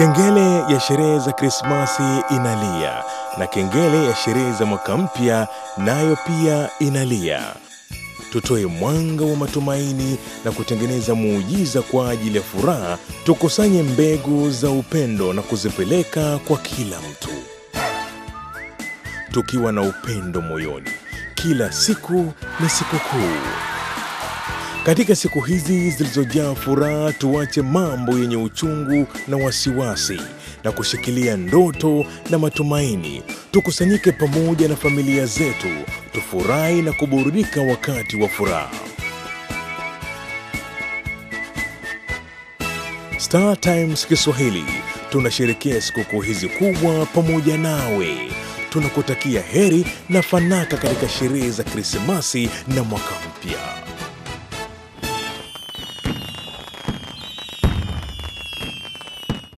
Kengele ya sherehe za Krismasi inalia na kengele ya sherehe za mwaka mpya nayo pia inalia. Tutoe mwanga wa matumaini na kutengeneza muujiza kwa ajili ya furaha. Tukusanye mbegu za upendo na kuzipeleka kwa kila mtu, tukiwa na upendo moyoni. Kila siku ni sikukuu. Katika siku hizi zilizojaa furaha, tuache mambo yenye uchungu na wasiwasi na kushikilia ndoto na matumaini. Tukusanyike pamoja na familia zetu, tufurahi na kuburudika wakati wa furaha. Star Times Kiswahili tunasherekea sikukuu hizi kubwa pamoja nawe. Tunakutakia heri na fanaka katika sherehe za Krismasi na mwaka mpya.